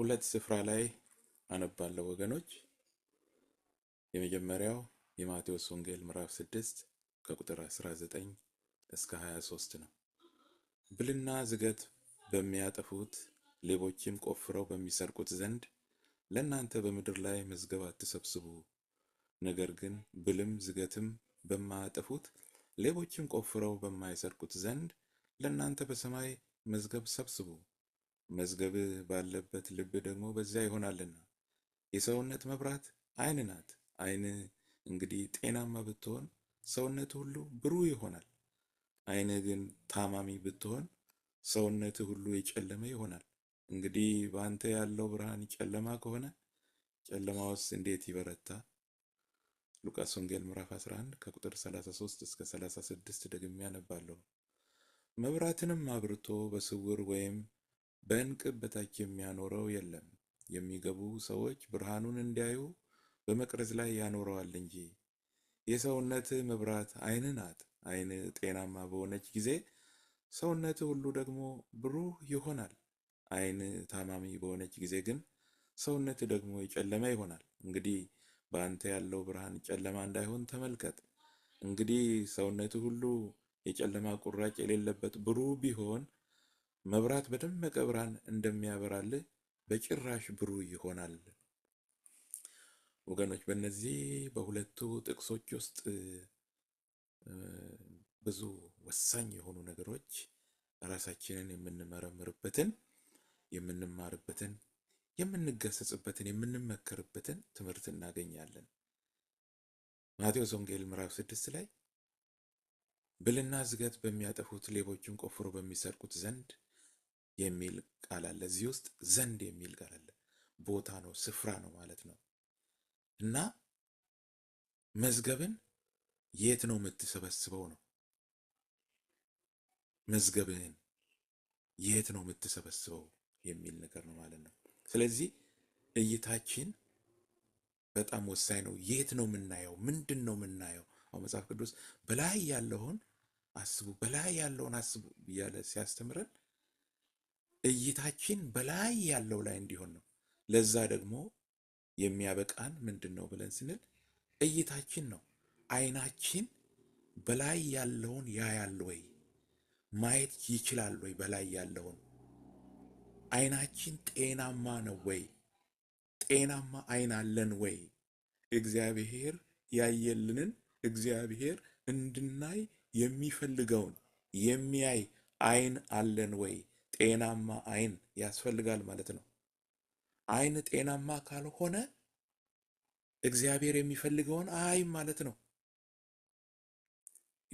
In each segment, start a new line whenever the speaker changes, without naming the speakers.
ሁለት ስፍራ ላይ አነባለሁ ወገኖች። የመጀመሪያው የማቴዎስ ወንጌል ምዕራፍ 6 ከቁጥር 19 እስከ 23 ነው። ብልና ዝገት በሚያጠፉት ሌቦችም ቆፍረው በሚሰርቁት ዘንድ ለእናንተ በምድር ላይ መዝገብ አትሰብስቡ። ነገር ግን ብልም ዝገትም በማያጠፉት ሌቦችም ቆፍረው በማይሰርቁት ዘንድ ለእናንተ በሰማይ መዝገብ ሰብስቡ። መዝገብህ ባለበት ልብ ደግሞ በዚያ ይሆናልና። የሰውነት መብራት ዓይን ናት። አይን እንግዲህ ጤናማ ብትሆን ሰውነት ሁሉ ብሩህ ይሆናል። አይን ግን ታማሚ ብትሆን ሰውነት ሁሉ የጨለመ ይሆናል። እንግዲህ በአንተ ያለው ብርሃን ጨለማ ከሆነ ውስጥ እንዴት ይበረታ? ሉቃስ ወንጌል ምዕራፍ 11 ከቁጥር 33 እስከ 36 ደግሜ ያነባለሁ። መብራትንም አብርቶ በስውር ወይም በእንቅብ በታች የሚያኖረው የለም። የሚገቡ ሰዎች ብርሃኑን እንዲያዩ በመቅረዝ ላይ ያኖረዋል እንጂ የሰውነት መብራት ዓይን ናት። ዓይን ጤናማ በሆነች ጊዜ ሰውነት ሁሉ ደግሞ ብሩህ ይሆናል። ዓይን ታማሚ በሆነች ጊዜ ግን ሰውነት ደግሞ የጨለመ ይሆናል። እንግዲህ በአንተ ያለው ብርሃን ጨለማ እንዳይሆን ተመልከት። እንግዲህ ሰውነት ሁሉ የጨለማ ቁራጭ የሌለበት ብሩህ ቢሆን መብራት በደመቀ ብርሃን እንደሚያበራልህ በጭራሽ ብሩህ ይሆናል። ወገኖች በእነዚህ በሁለቱ ጥቅሶች ውስጥ ብዙ ወሳኝ የሆኑ ነገሮች ራሳችንን የምንመረምርበትን፣ የምንማርበትን፣ የምንገሰጽበትን፣ የምንመከርበትን ትምህርት እናገኛለን። ማቴዎስ ወንጌል ምዕራፍ ስድስት ላይ ብልና ዝገት በሚያጠፉት ሌቦችን ቆፍሮ በሚሰርቁት ዘንድ የሚል ቃል አለ። እዚህ ውስጥ ዘንድ የሚል ቃል አለ። ቦታ ነው፣ ስፍራ ነው ማለት ነው። እና መዝገብን የት ነው የምትሰበስበው ነው። መዝገብህን የት ነው የምትሰበስበው የሚል ነገር ነው ማለት ነው። ስለዚህ እይታችን በጣም ወሳኝ ነው። የት ነው የምናየው? ምንድን ነው የምናየው? አሁን መጽሐፍ ቅዱስ በላይ ያለውን አስቡ፣ በላይ ያለውን አስቡ እያለ ሲያስተምረን እይታችን በላይ ያለው ላይ እንዲሆን ነው። ለዛ ደግሞ የሚያበቃን ምንድን ነው ብለን ስንል እይታችን ነው። አይናችን በላይ ያለውን ያያል ወይ? ማየት ይችላል ወይ? በላይ ያለውን አይናችን ጤናማ ነው ወይ? ጤናማ አይን አለን ወይ? እግዚአብሔር ያየልንን እግዚአብሔር እንድናይ የሚፈልገውን የሚያይ አይን አለን ወይ? ጤናማ አይን ያስፈልጋል ማለት ነው። አይን ጤናማ ካልሆነ እግዚአብሔር የሚፈልገውን አይም ማለት ነው።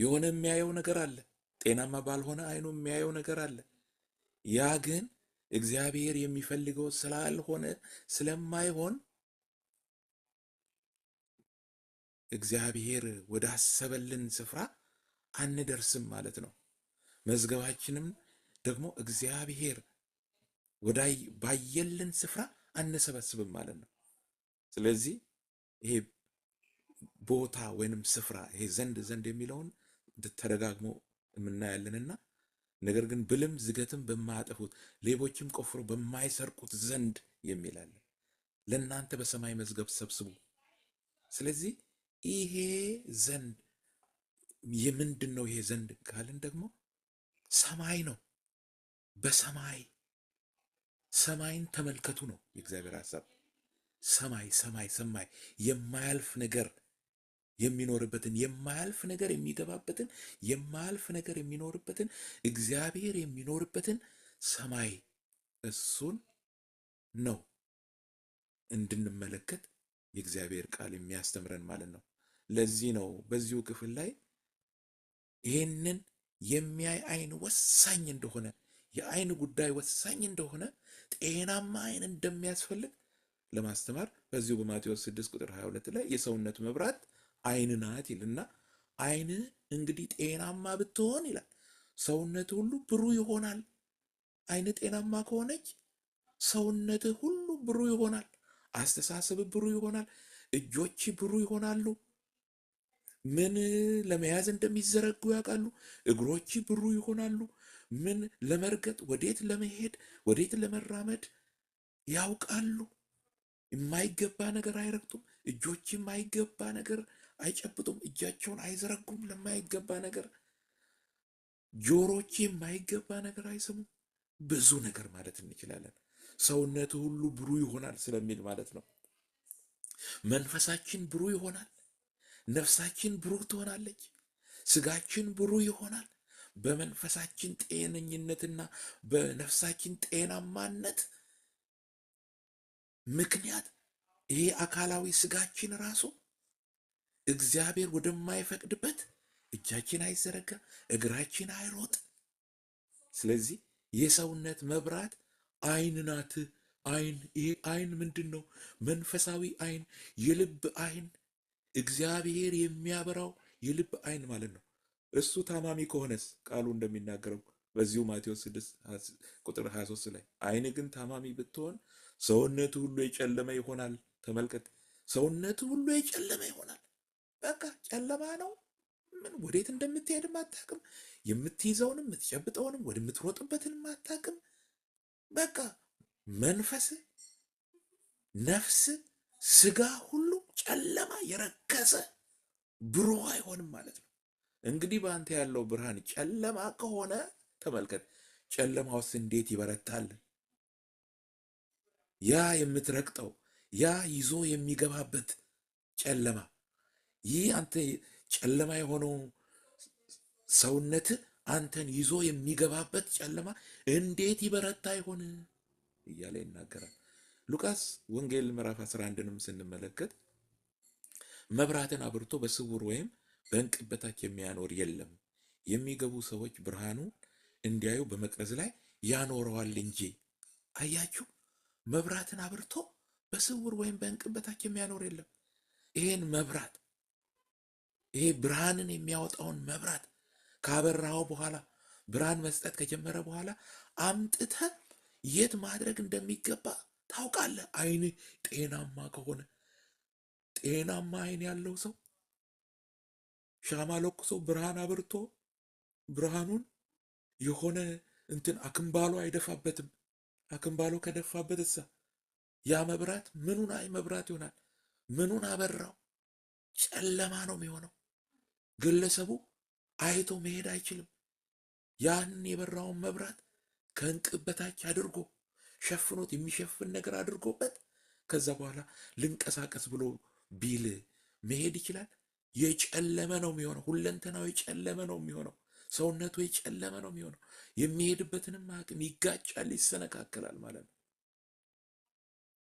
የሆነ የሚያየው ነገር አለ። ጤናማ ባልሆነ አይኑ የሚያየው ነገር አለ። ያ ግን እግዚአብሔር የሚፈልገው ስላልሆነ ስለማይሆን እግዚአብሔር ወዳሰበልን ስፍራ አንደርስም ማለት ነው። መዝገባችንም ደግሞ እግዚአብሔር ወዳይ ባየልን ስፍራ አንሰበስብም ማለት ነው። ስለዚህ ይሄ ቦታ ወይንም ስፍራ ይሄ ዘንድ ዘንድ የሚለውን ተደጋግሞ የምናያለንና ነገር ግን ብልም ዝገትም በማያጠፉት ሌቦችም ቆፍሮ በማይሰርቁት ዘንድ የሚላለን ለእናንተ በሰማይ መዝገብ ሰብስቡ። ስለዚህ ይሄ ዘንድ የምንድን ነው? ይሄ ዘንድ ካልን ደግሞ ሰማይ ነው። በሰማይ ሰማይን ተመልከቱ ነው የእግዚአብሔር ሀሳብ። ሰማይ ሰማይ ሰማይ የማያልፍ ነገር የሚኖርበትን የማያልፍ ነገር የሚገባበትን የማያልፍ ነገር የሚኖርበትን እግዚአብሔር የሚኖርበትን ሰማይ እሱን ነው እንድንመለከት የእግዚአብሔር ቃል የሚያስተምረን ማለት ነው። ለዚህ ነው በዚሁ ክፍል ላይ ይህንን የሚያይ አይን ወሳኝ እንደሆነ የአይን ጉዳይ ወሳኝ እንደሆነ ጤናማ አይን እንደሚያስፈልግ ለማስተማር በዚሁ በማቴዎስ 6 ቁጥር 22 ላይ የሰውነት መብራት አይን ናት ይልና አይን እንግዲህ ጤናማ ብትሆን ይላል ሰውነት ሁሉ ብሩህ ይሆናል። አይን ጤናማ ከሆነች ሰውነት ሁሉ ብሩህ ይሆናል። አስተሳሰብ ብሩህ ይሆናል። እጆች ብሩህ ይሆናሉ። ምን ለመያዝ እንደሚዘረጉ ያውቃሉ። እግሮች ብሩህ ይሆናሉ። ምን ለመርገጥ፣ ወዴት ለመሄድ፣ ወዴት ለመራመድ ያውቃሉ። የማይገባ ነገር አይረግጡም። እጆች የማይገባ ነገር አይጨብጡም። እጃቸውን አይዘረጉም ለማይገባ ነገር። ጆሮች የማይገባ ነገር አይሰሙም። ብዙ ነገር ማለት እንችላለን። ሰውነት ሁሉ ብሩ ይሆናል ስለሚል ማለት ነው። መንፈሳችን ብሩ ይሆናል። ነፍሳችን ብሩህ ትሆናለች። ስጋችን ብሩ ይሆናል። በመንፈሳችን ጤነኝነትና በነፍሳችን ጤናማነት ምክንያት ይሄ አካላዊ ስጋችን ራሱ እግዚአብሔር ወደማይፈቅድበት እጃችን አይዘረጋ፣ እግራችን አይሮጥ። ስለዚህ የሰውነት መብራት አይን ናት። አይን ይሄ አይን ምንድን ነው? መንፈሳዊ አይን፣ የልብ አይን፣ እግዚአብሔር የሚያበራው የልብ አይን ማለት ነው። እሱ ታማሚ ከሆነስ ቃሉ እንደሚናገረው በዚሁ ማቴዎስ 6 ቁጥር 23 ላይ አይን ግን ታማሚ ብትሆን ሰውነቱ ሁሉ የጨለመ ይሆናል። ተመልከት፣ ሰውነቱ ሁሉ የጨለመ ይሆናል። በቃ ጨለማ ነው። ምን ወዴት እንደምትሄድም አታውቅም። የምትይዘውንም የምትጨብጠውንም ወደምትሮጥበትንም አታውቅም። በቃ መንፈስ፣ ነፍስ፣ ስጋ ሁሉ ጨለማ የረከሰ ብሩህ አይሆንም ማለት ነው። እንግዲህ በአንተ ያለው ብርሃን ጨለማ ከሆነ ተመልከት፣ ጨለማውስ እንዴት ይበረታል? ያ የምትረግጠው ያ ይዞ የሚገባበት ጨለማ ይህ አንተ ጨለማ የሆነው ሰውነት አንተን ይዞ የሚገባበት ጨለማ እንዴት ይበረታ ይሆን እያለ ይናገራል። ሉቃስ ወንጌል ምዕራፍ 11ንም ስንመለከት መብራትን አብርቶ በስውር ወይም በእንቅብ በታች የሚያኖር የለም። የሚገቡ ሰዎች ብርሃኑን እንዲያዩ በመቅረዝ ላይ ያኖረዋል እንጂ። አያችሁ፣ መብራትን አብርቶ በስውር ወይም በእንቅብ በታች የሚያኖር የለም። ይሄን መብራት ይሄ ብርሃንን የሚያወጣውን መብራት ካበራው በኋላ ብርሃን መስጠት ከጀመረ በኋላ አምጥተ የት ማድረግ እንደሚገባ ታውቃለህ። አይን ጤናማ ከሆነ ጤናማ አይን ያለው ሰው ሻማ ለኩሶ ብርሃን አብርቶ ብርሃኑን የሆነ እንትን አክምባሎ አይደፋበትም። አክምባሎ ከደፋበት እሳ ያ መብራት ምኑን አይ መብራት ይሆናል? ምኑን አበራው? ጨለማ ነው የሚሆነው። ግለሰቡ አይቶ መሄድ አይችልም። ያን የበራውን መብራት ከእንቅብ በታች አድርጎ ሸፍኖት የሚሸፍን ነገር አድርጎበት ከዛ በኋላ ልንቀሳቀስ ብሎ ቢል መሄድ ይችላል? የጨለመ ነው የሚሆነው። ሁለንተናው የጨለመ ነው የሚሆነው። ሰውነቱ የጨለመ ነው የሚሆነው። የሚሄድበትንም አቅም ይጋጫል፣ ይሰነካከላል ማለት ነው።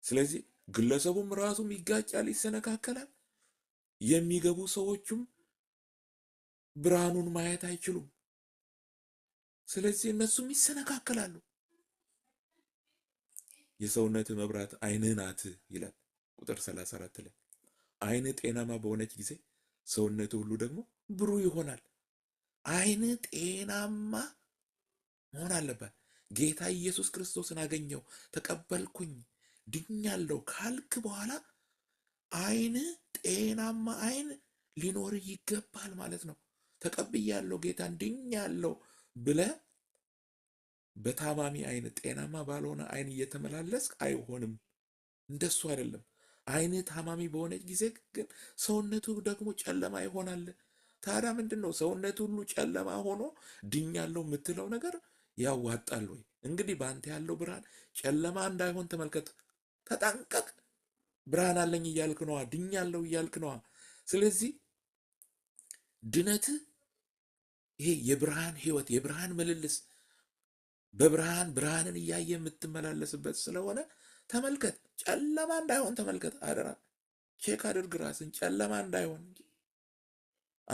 ስለዚህ ግለሰቡም ራሱም ይጋጫል፣ ይሰነካከላል። የሚገቡ ሰዎቹም ብርሃኑን ማየት አይችሉም። ስለዚህ እነሱም ይሰነካከላሉ። የሰውነት መብራት አይንህ ናት ይላል ቁጥር 34 ላይ። አይን ጤናማ በሆነች ጊዜ ሰውነት ሁሉ ደግሞ ብሩህ ይሆናል። አይን ጤናማ መሆን አለበት። ጌታ ኢየሱስ ክርስቶስን አገኘው፣ ተቀበልኩኝ፣ ድኛለሁ ካልክ በኋላ አይን ጤናማ አይን ሊኖር ይገባል ማለት ነው። ተቀብያለሁ፣ ጌታን ድኛለሁ ብለ በታማሚ አይን ጤናማ ባልሆነ አይን እየተመላለስ አይሆንም። እንደሱ አይደለም። አይን ታማሚ በሆነች ጊዜ ግን ሰውነቱ ደግሞ ጨለማ ይሆናል። ታዲያ ምንድን ነው ሰውነቱ ሁሉ ጨለማ ሆኖ ድኛለው የምትለው ነገር ያዋጣል ወይ? እንግዲህ በአንተ ያለው ብርሃን ጨለማ እንዳይሆን ተመልከት፣ ተጠንቀቅ። ብርሃን አለኝ እያልክ ነዋ፣ ድኛለው እያልክ ነዋ። ስለዚህ ድነትህ ይሄ የብርሃን ህይወት የብርሃን ምልልስ በብርሃን ብርሃንን እያየ የምትመላለስበት ስለሆነ ተመልከት። ጨለማ እንዳይሆን ተመልከት። አደራ ቼክ አድርግ ራስን። ጨለማ እንዳይሆን እንጂ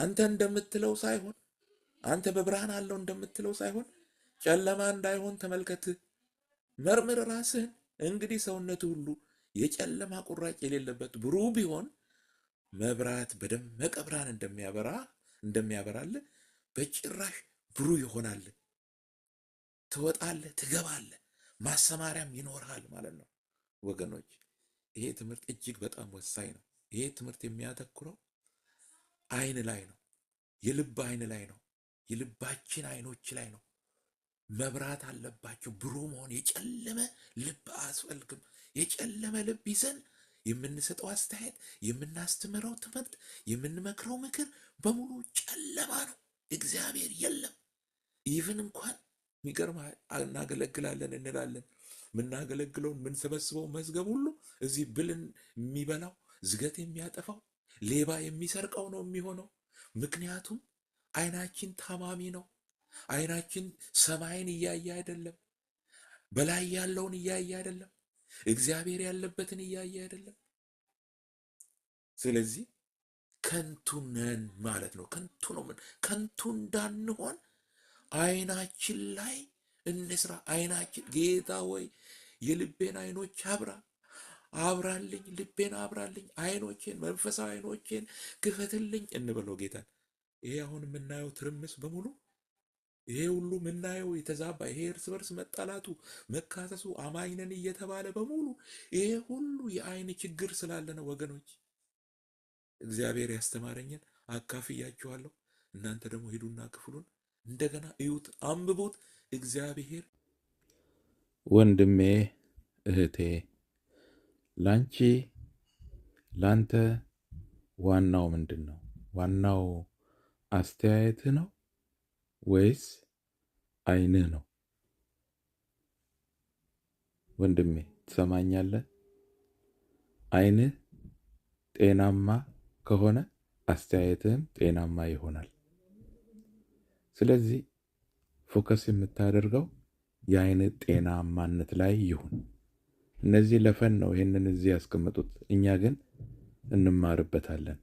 አንተ እንደምትለው ሳይሆን አንተ በብርሃን አለው እንደምትለው ሳይሆን ጨለማ እንዳይሆን ተመልከት፣ መርምር ራስህን። እንግዲህ ሰውነት ሁሉ የጨለማ ቁራጭ የሌለበት ብሩህ ቢሆን መብራት በደመቀ ብርሃን እንደሚያበራ እንደሚያበራል በጭራሽ ብሩህ ይሆናል። ትወጣለህ፣ ትገባለህ፣ ማሰማሪያም ይኖርሃል ማለት ነው። ወገኖች ይሄ ትምህርት እጅግ በጣም ወሳኝ ነው። ይሄ ትምህርት የሚያተኩረው አይን ላይ ነው። የልብ አይን ላይ ነው። የልባችን አይኖች ላይ ነው። መብራት አለባቸው ብሩህ መሆን። የጨለመ ልብ አያስፈልግም። የጨለመ ልብ ይዘን የምንሰጠው አስተያየት፣ የምናስተምረው ትምህርት፣ የምንመክረው ምክር በሙሉ ጨለማ ነው። እግዚአብሔር የለም። ይህን እንኳን የሚገርም እናገለግላለን እንላለን የምናገለግለው የምንሰበስበው መዝገብ ሁሉ እዚህ ብልን የሚበላው ዝገት የሚያጠፋው ሌባ የሚሰርቀው ነው የሚሆነው። ምክንያቱም አይናችን ታማሚ ነው። አይናችን ሰማይን እያየ አይደለም። በላይ ያለውን እያየ አይደለም። እግዚአብሔር ያለበትን እያየ አይደለም። ስለዚህ ከንቱ ነን ማለት ነው። ከንቱ ነው። ምን ከንቱ እንዳንሆን አይናችን ላይ እንስራ። አይናችን ጌታ ሆይ የልቤን አይኖች አብራ አብራልኝ፣ ልቤን አብራልኝ፣ አይኖቼን መንፈሳዊ አይኖቼን ክፈትልኝ እንበለው ጌታን። ይሄ አሁን የምናየው ትርምስ በሙሉ ይሄ ሁሉ የምናየው የተዛባ ይሄ እርስ በርስ መጣላቱ፣ መካሰሱ፣ አማኝነን እየተባለ በሙሉ ይሄ ሁሉ የአይን ችግር ስላለ ነው ወገኖች። እግዚአብሔር ያስተማረኝን አካፍያችኋለሁ። እናንተ ደግሞ ሂዱና ክፍሉን እንደገና እዩት፣ አንብቡት። እግዚአብሔር
ወንድሜ እህቴ፣ ላንቺ ላንተ ዋናው ምንድን ነው? ዋናው አስተያየትህ ነው ወይስ አይንህ ነው? ወንድሜ ትሰማኛለህ? አይንህ ጤናማ ከሆነ አስተያየትህም ጤናማ ይሆናል። ስለዚህ ፎከስ የምታደርገው የአይን ጤናማነት ላይ ይሁን። እነዚህ ለፈን ነው ይህንን እዚህ ያስቀመጡት፣ እኛ ግን እንማርበታለን።